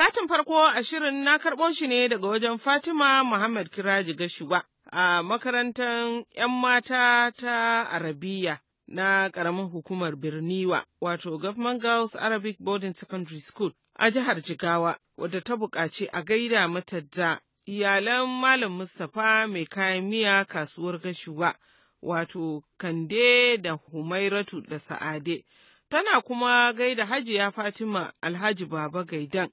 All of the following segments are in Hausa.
Katin farko a shirin na karɓo shi ne daga wajen Fatima Muhammad Kiraji Gashuwa a makarantar 'yan mata ta Arabiya na ƙaramin hukumar Birniwa, wato Government Girls Arabic Boarding Secondary School a jihar Jigawa, wadda ta buƙaci a gaida mata da iyalan Malam Mustapha mai kayan miya kasuwar Gashuwa, wato Kande da Humairatu da Sa'ade. Tana kuma gaida Hajiya Fatima Alhaji Baba Gaidan.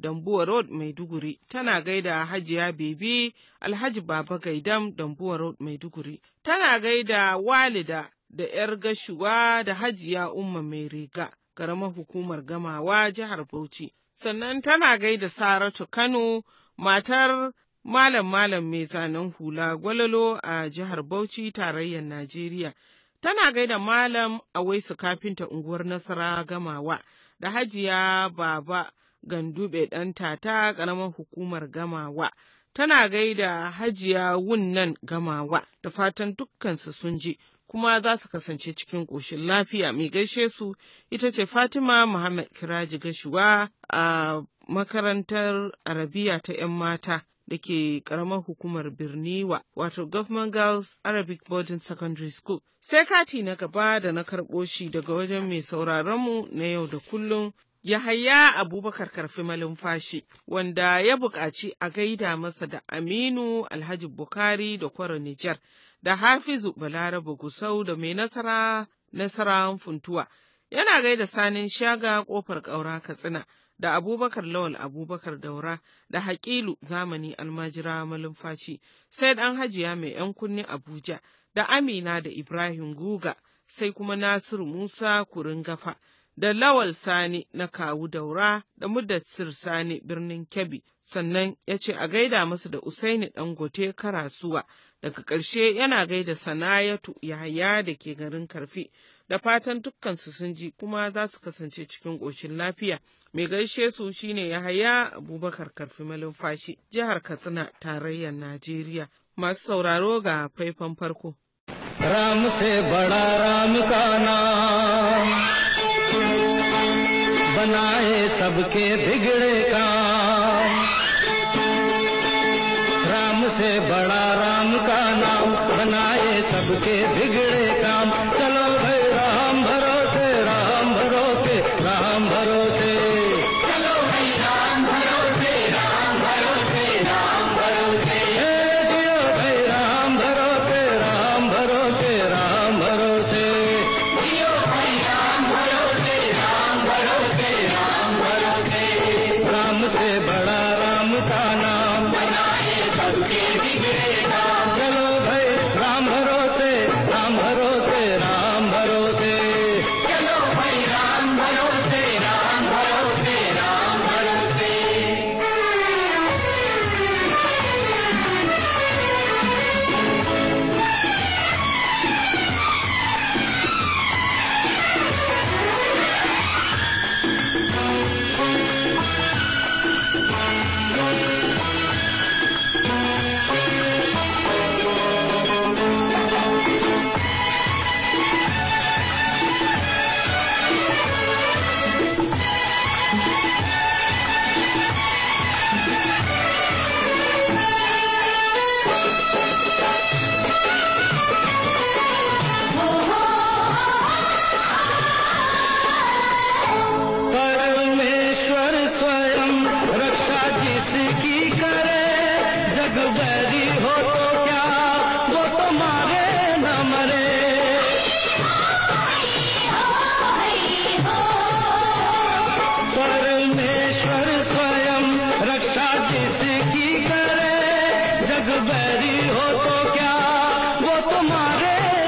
Dambuwa Road Maiduguri tana gaida Hajiya Bebe Alhaji Baba Gaidam Dambuwa Road Maiduguri tana gaida Walida da ‘yar gashuwa da Hajiya Umma Mai Riga Garama hukumar gamawa jihar Bauchi sannan tana gaida Saratu Kano matar Malam Malam mai zanen hula gwalolo a jihar Bauchi tarayyar Najeriya. Tana gaida Malam Awaisu kafinta unguwar Nasara gamawa da Hajiya Baba Gandube ɗanta ta ƙaramar hukumar gamawa. Tana gaida hajiya wunnan gamawa da fatan dukkansu sun ji kuma za su kasance cikin ƙoshin lafiya mai gaishe su ita ce Fatima Muhammad Kiraji Gashuwa a makarantar Arabiya ta 'yan mata da ke ƙaramar hukumar Birniwa wato Government Girls Arabic Boarding Secondary School. Sai kati na gaba da na karɓo shi daga wajen mai sauraronmu na yau da kullum Yahaya Abubakar Karfi Malumfashi, wanda ya buƙaci a gaida masa da Aminu Alhaji Bukari da Kwaro Nijar, da Hafizu Balarabe Gusau da mai nasara nasara funtuwa. Yana gaida sanin shaga ƙofar ƙaura Katsina da Abubakar Lawal Abubakar Daura da Haƙilu zamani almajira malumfashi, sai ɗan hajiya mai ‘yan kunni Abuja da Amina da Ibrahim Guga, sai kuma Nasiru Musa kurin gafa. da Lawal Sani na kawu daura da Mudassir Sani birnin Kebbi, sannan ya ce a gaida musu da Usaini Dangote Karasuwa, daga ƙarshe yana gaida Sanayatu Yahaya da ke garin Karfi, da fatan dukkansu sun ji kuma za su kasance cikin ƙoshin lafiya. Mai gaishe su shine Yahaya Abubakar Karfi Malumfashi, jihar Katsina, tarayyar Najeriya. Masu sauraro ga faifan farko. Ram se bada ram ka बनाए सबके बिगड़े का राम से बड़ा राम का नाम बनाए सबके बिगड़े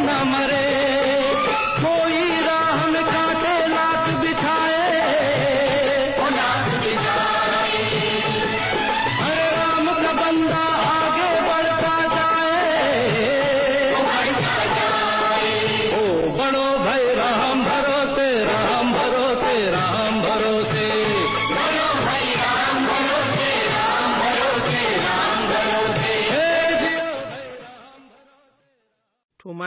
ನಮರ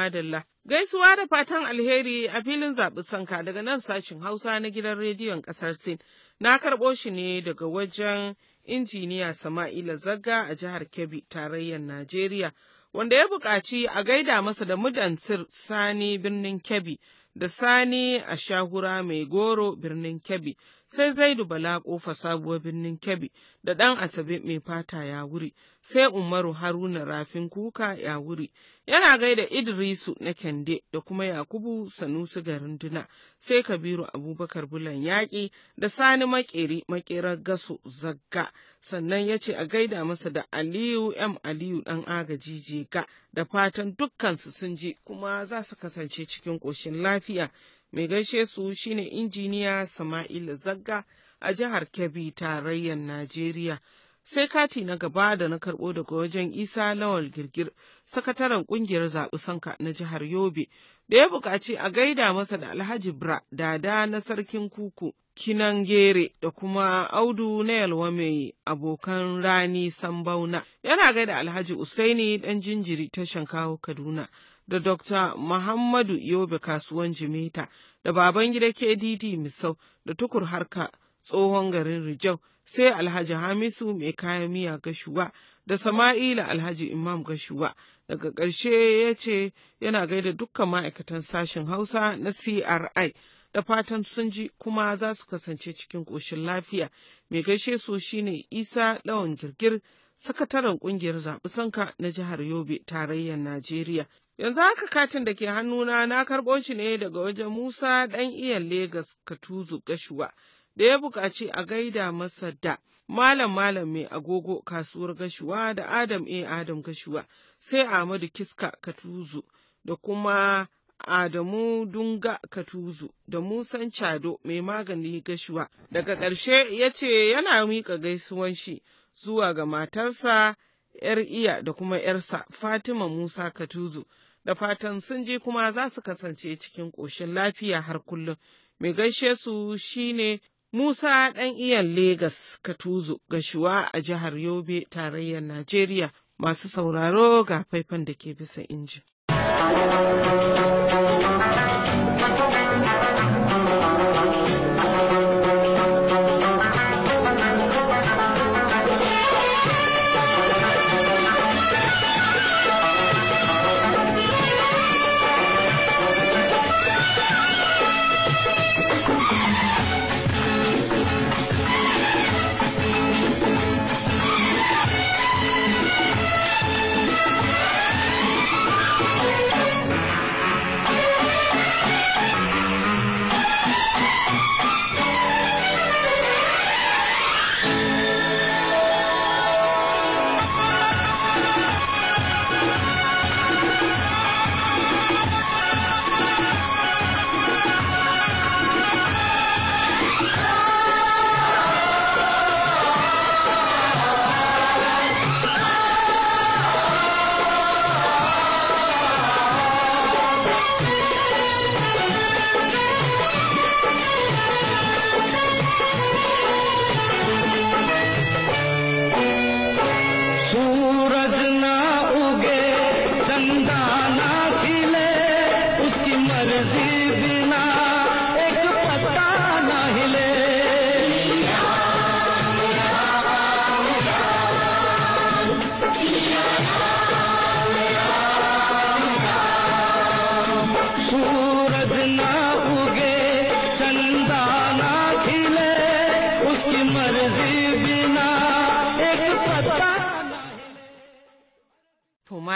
madalla. Gaisuwa da fatan alheri a filin zaɓi sanka daga nan sashin Hausa na gidan rediyon ƙasar Sin. Na karɓo shi ne daga wajen injiniya Sama'ila Zagga a jihar Kebbi, tarayyar Najeriya, wanda ya buƙaci a gaida masa da mudansir Sani birnin Kebbi da Sani a shahura mai goro birnin Kebbi, sai Zaidu Bala ƙofa sabuwar birnin Kebbi da ɗan Asabe mai fata ya wuri, sai Umaru Haruna rafin kuka ya wuri, yana gaida Idrisu na Kende da kuma Yakubu Sanusi garin Duna, sai Kabiru Abubakar Bulan Yaƙi da Sani Makeri Makerar Gaso Zagga, sannan ya ce a gaida masa da Aliyu M. Aliyu ɗan agaji jega da fatan dukkansu sun ji kuma za su kasance cikin ƙoshin lafiya. Mai gaishe su shine injiniya Sama'ila Zagga a jihar Kebbi tarayyar Najeriya. Sai kati na gaba da na karɓo daga wajen Isa Lawal Girgir, sakataren ƙungiyar zaɓi sanka na jihar Yobe, da ya buƙaci a gaida masa da Alhaji Bra, dada na sarkin kuku. kinan gere da kuma Audu na Yalwa mai abokan rani Sambauna. Yana gaida Alhaji Usaini ɗan jinjiri ta Shankawo Kaduna da Dr. Muhammadu Yobe kasuwan Jimeta da baban gida KDD Misau da tukur harka tsohon garin Rijau sai Alhaji Hamisu mai kayan miya gashuwa da Sama'ila Alhaji Imam gashuwa. Daga ƙarshe ya ce yana gaida dukkan ma'aikatan sashen Hausa na CRI. da fatan sun ji kuma za su kasance cikin ƙoshin lafiya. Mai gaishe su shine Isa ɗawan Girgir, sakataren ƙungiyar zaɓi sanka na jihar Yobe, tarayyar Najeriya. Yanzu haka katin da ke hannuna na karɓo shi ne daga wajen Musa ɗan iyan Legas Katuzu Gashuwa. da ya buƙaci a gaida masa da Malam Malam mai agogo kasuwar gashuwa da Adam A. Adam gashuwa sai Ahmadu Kiska Katuzu da kuma Adamu Dunga Katuzu da Musan Chado mai magani gashuwa. Daga ƙarshe ya ce yana miƙa gaisuwan shi zuwa ga matarsa ‘yar iya da kuma ‘yarsa Fatima Musa Katuzu. Da fatan sun je kuma za su kasance cikin ƙoshin lafiya har kullum. Mai gaishe su shine Musa ɗan iyan Legas Katuzu gashuwa a jihar Yobe tarayyar Najeriya. Masu sauraro ga faifan da ke bisa injin.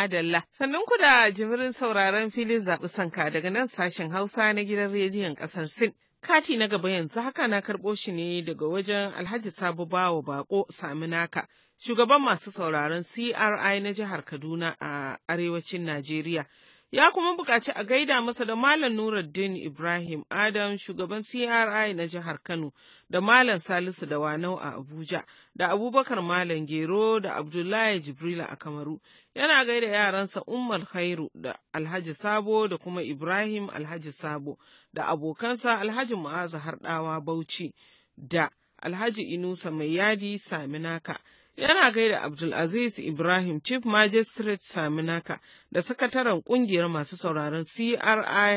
Adalla. Sannan ku da jimirin sauraron filin zaɓi sanka daga nan sashen Hausa na gidan rediyon ƙasar Sin. Kati na gaba yanzu haka na karɓo shi ne daga wajen Alhaji sabu Bawa Bako Saminaka, shugaban masu sauraron CRI na jihar Kaduna a arewacin Najeriya. ya kuma buƙaci a gaida masa da Malam Nuruddin Ibrahim Adam shugaban CRI na jihar Kano da Malam Salisu da Wanau a Abuja da Abubakar Malam Gero da Abdullahi Jibrila a Kamaru yana gaida yaransa Umar Khairu da Alhaji Sabo da kuma Ibrahim Alhaji Sabo da abokansa Alhaji Mu'azu Harɗawa Bauchi da Alhaji Inusa Mai Yadi Saminaka yana gaida Abdulaziz Ibrahim Chief Magistrate Saminaka da sakataren kungiyar masu sauraron CRI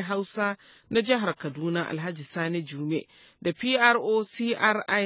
Hausa na jihar Kaduna Alhaji Sani Jume da PRO CRI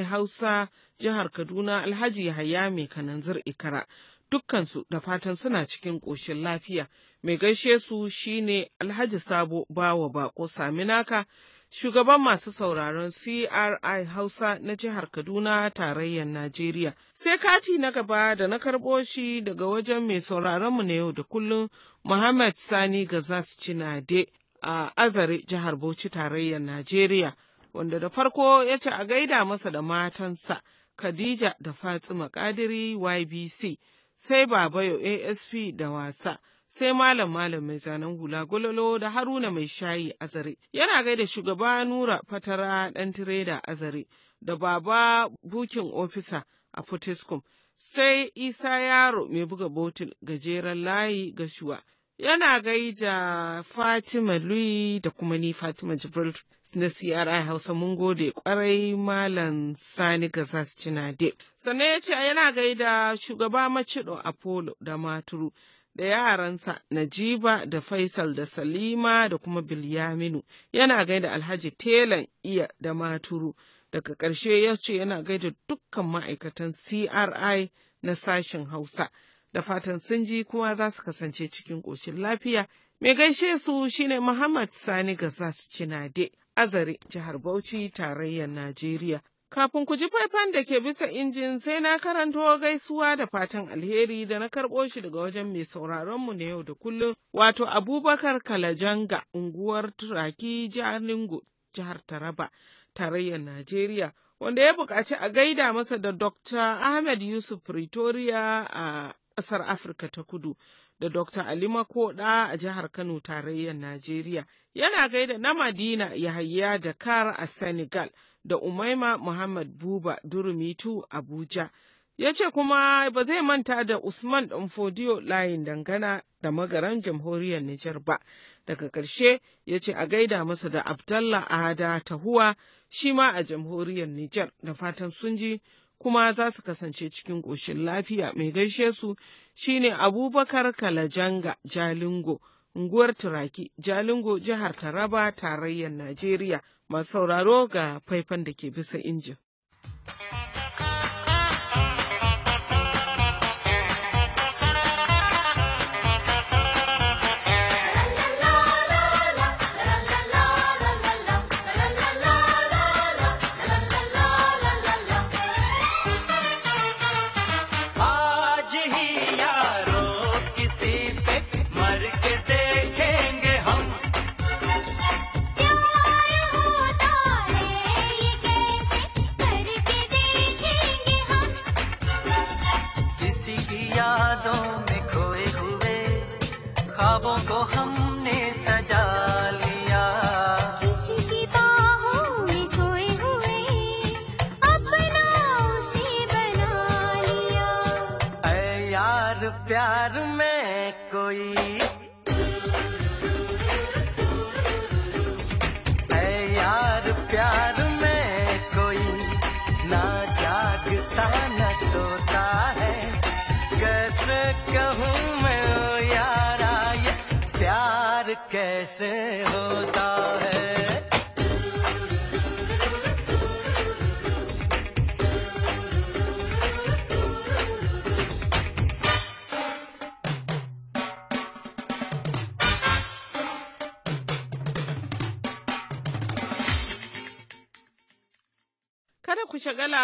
Hausa jihar Kaduna Alhaji Yahaya Mai Kananzir Ikara. Dukkansu da fatan suna cikin ƙoshin lafiya, mai gaishe su shine Alhaji Sabo Bawa Bako Saminaka shugaban masu sauraron CRI Hausa na jihar Kaduna tarayyar Najeriya. Sai kati na gaba da na karɓo shi daga wajen mai sauraronmu na yau da kullum Muhammad Sani ga Gazas Cinade a Azare jihar Bauchi tarayyar Najeriya, wanda da farko ya ci a gaida masa da matansa Khadija da Fatima Kadiri YBC sai Babayo ASP da wasa. sai malam malam mai zanen hula gololo da haruna mai shayi a azare yana gaida shugaba nura fatara ɗan tireda azare da baba bukin ofisa a Fortescue, sai Isa Yaro mai buga botul gajeren layi ga Shuwa. Yana gaida Fatima Lui da kuma ni Fatima Jibril na CRI Hausa mun gode kwarai Malam Sani Gazas Cinade. Sannan ya ce yana gaida shugaba Macido Apollo da Maturu da yaransa Najiba da Faisal da Salima da kuma Bilyaminu yana gaida Alhaji Telan iya da maturu daga ƙarshe ya ce yana gaida dukkan ma'aikatan CRI na sashen Hausa da fatan sun ji kuma za su kasance cikin ƙoshin lafiya. Mai gaishe su shine Muhammad Sani Gazas Cinade, Azare, Jihar Bauchi, Tarayyar Najeriya. Kafin ku ji faifan da ke bisa injin sai na karanto gaisuwa da fatan alheri da na karɓo shi daga wajen mai sauraronmu na yau da kullum wato Abubakar Kalajanga unguwar Turaki jihar Ningo jihar Taraba tarayyar Najeriya wanda ya buƙaci a gaida masa da Dr. Ahmed Yusuf Pretoria a ƙasar Afirka ta Kudu da Dr. Ali Makoda a jihar Kano tarayyar Najeriya. Yana gaida na Madina Yahaya da Kar a Senegal da Umaima Muhammad Buba Durumitu Abuja. Ya ce kuma ba zai manta da Usman Danfodiyo layin dangana da magaran jamhuriyar Nijar ba. Daga ƙarshe ya ce a gaida masa da Abdallah Ada Tahuwa shi ma a jamhuriyar Nijar da fatan sun ji kuma za su kasance cikin ƙoshin lafiya mai gaishe su shine abubakar kalajanga jalingo unguwar turaki jalingo jihar taraba tarayyar najeriya masu sauraro ga faifan da ke bisa injin.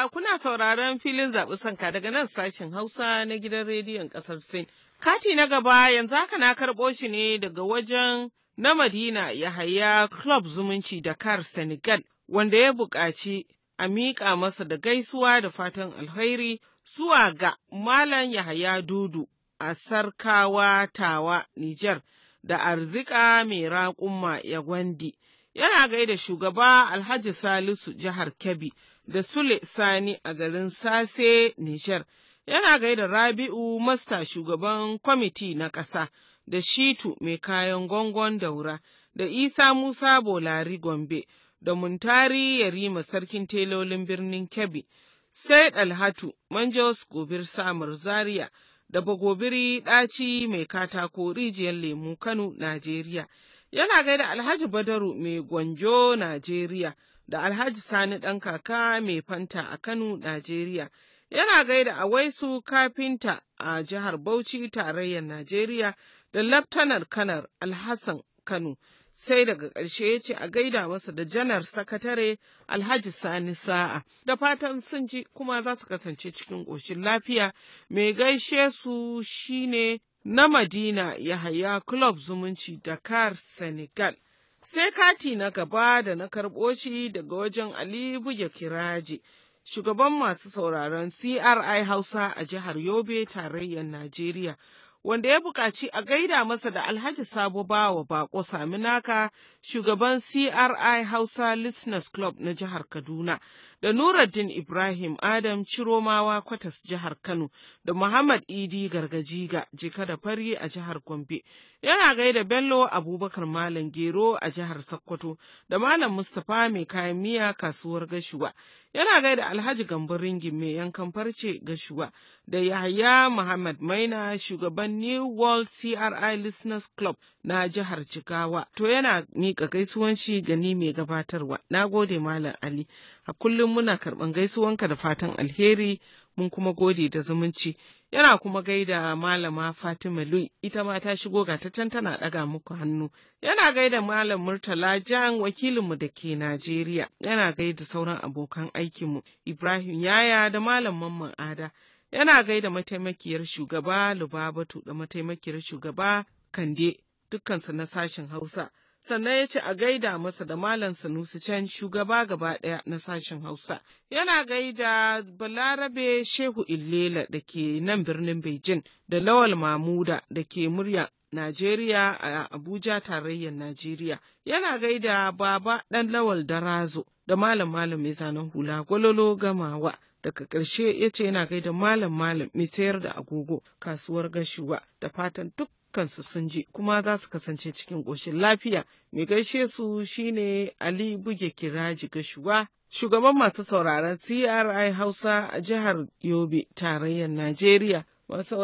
kuna sauraron filin zaɓi sanka daga nan sashen Hausa na gidan rediyon ƙasar Sin. Kati na gaba yanzu haka na karɓo shi ne daga wajen na Madina Yahaya Club Zumunci da Dakar Senegal wanda ya buƙaci a miƙa masa da gaisuwa da fatan alheri zuwa ga Malam Yahaya Dudu a Sarkawa Tawa Nijar da Arzika Mai Raƙumma ya gwandi. yana gaida shugaba Alhaji Salisu jihar Kebbi da Sule Sani a garin Sase, Nijar. Yana gaida Rabi'u Masta shugaban kwamiti na ƙasa da Shitu mai kayan gongon daura da Isa Musa Bolari Gombe da Muntari Yarima sarkin telolin birnin Kebbi. Sai Alhatu Manjos Gobir Samar Zaria da Bagobiri Ɗaci mai katako rijiyar lemu Kano, Najeriya. yana gaida Alhaji Badaru mai Gwanjo, Najeriya, da Alhaji Sani ɗan kaka mai Fanta a Kano, Najeriya. Yana gaida Awaisu Kafinta a jihar Bauchi, tarayyar Najeriya, da Laftanar Kanar Alhassan Kano. Sai daga ƙarshe ya ce a gaida masa da janar sakatare Alhaji Sani Sa'a, da fatan sun ji kuma za su kasance cikin ƙoshin lafiya, mai gaishe su shine na Madina haya Club Zumunci Dakar Senegal. Sai kati na gaba da na karɓo shi daga wajen Ali Buge Kiraji, shugaban masu sauraron CRI Hausa a jihar Yobe, tarayyar Najeriya. wanda ya buƙaci a gaida masa da Alhaji Sabo Bawa Bako Saminaka, shugaban CRI Hausa Listeners Club na jihar Kaduna, da Nuruddin Ibrahim Adam Ciromawa Kwatas jihar Kano, da Muhammad Idi Gargajiga jika da fari a jihar Gombe. Yana gaida Bello Abubakar Malam Gero a jihar Sokoto, da Malam Mustapha mai kayan miya kasuwar Gashuwa. Yana gaida Alhaji Gambo Ringin mai yankan farce Gashuwa, da Yahaya Muhammad Maina shugaban New World CRI Listeners Club na jihar Jigawa. To yana miƙa gaisuwan shi gani mai gabatarwa. Na gode Malam Ali. A kullum muna karɓan gaisuwanka da fatan alheri mun kuma gode da zumunci. Yana kuma gaida Malama Fatima Lui ita ma ta shigo ga ta can tana ɗaga muku hannu. Yana gaida Malam Murtala Jan wakilinmu da ke Najeriya. Yana gaida sauran abokan aikinmu Ibrahim Yaya da Malam Mamman Ada. yana gaida mataimakiyar shugaba Lubabatu da mataimakiyar shugaba Kande dukkansu na sashen Hausa. Sannan ya ce a gaida masa da Malam Sanusi can shugaba gaba ɗaya na sashen Hausa. Yana gaida Balarabe Shehu Illela da ke nan birnin Beijing da Lawal Mamuda da ke murya Najeriya a Abuja tarayyar Najeriya. Yana gaida Baba ɗan Lawal Darazo da malam malam mai zanen hula gwalolo gamawa daga ƙarshe ya ce yana gaida malam malam mai sayar da agogo kasuwar gashuwa da fatan dukkansu sun ji kuma za su kasance cikin ƙoshin lafiya mai gaishe su shine ali buge kiraji gashuwa shugaban masu sauraron CRI Hausa a jihar Yobe, tarayyar Najeriya. Masu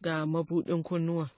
ga mabuɗin kunnuwa.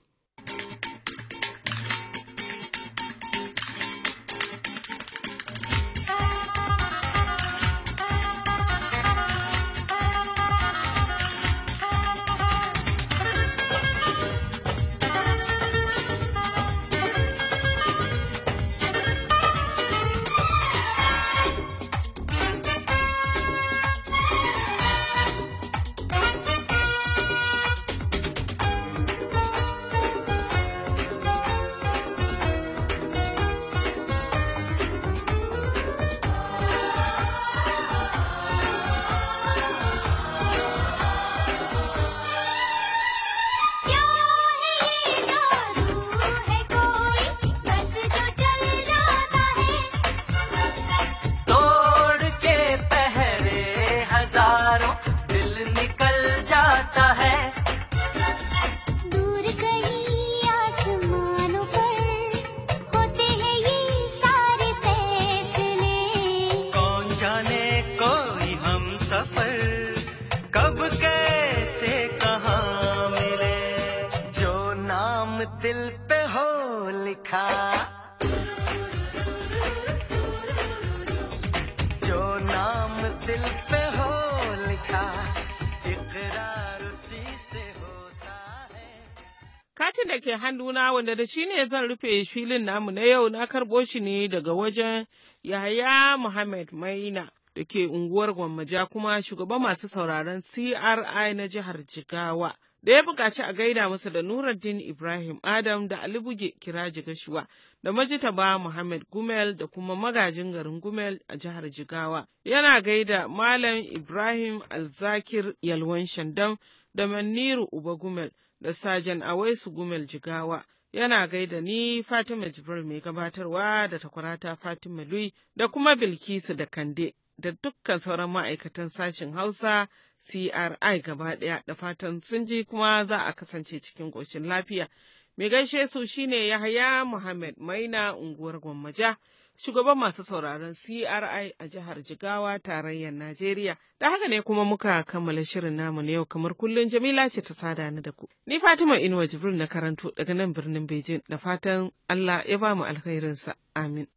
na wanda da shi ne zan rufe filin namu na yau na karɓo shi ne daga wajen yaya Muhammad Maina da ke unguwar Gwammaja kuma shugaba masu sauraron CRI na jihar Jigawa. Da ya buƙaci a gaida masa da Nuruddin Ibrahim Adam da Ali Buge kira Gashuwa da Majitaba Muhammad Gumel da kuma magajin garin Gumel a jihar Jigawa. Yana gaida Malam Ibrahim Alzakir Yalwan Shandam da Maniru Uba Gumel. da Sajan Awaisu Gumel Jigawa. Yana gaida ni Fatima Jibril mai gabatarwa da takwarata Fatima Lui da kuma Bilkisu da Kande da dukkan sauran ma'aikatan sashen Hausa CRI gaba ɗaya da fatan sun ji kuma za a kasance cikin ƙoshin lafiya. Mai gaishe su shine Yahaya Muhammad Maina unguwar Gwammaja shugaban masu sauraron CRI a jihar Jigawa tarayyar Najeriya. Da haka ne kuma muka kammala shirin namu na yau kamar kullum Jamila ce ta sada ni da ku. Ni Fatima Inuwa Jibril na karanto daga nan birnin Bejin da fatan Allah ya ba mu alkhairinsa. Amin.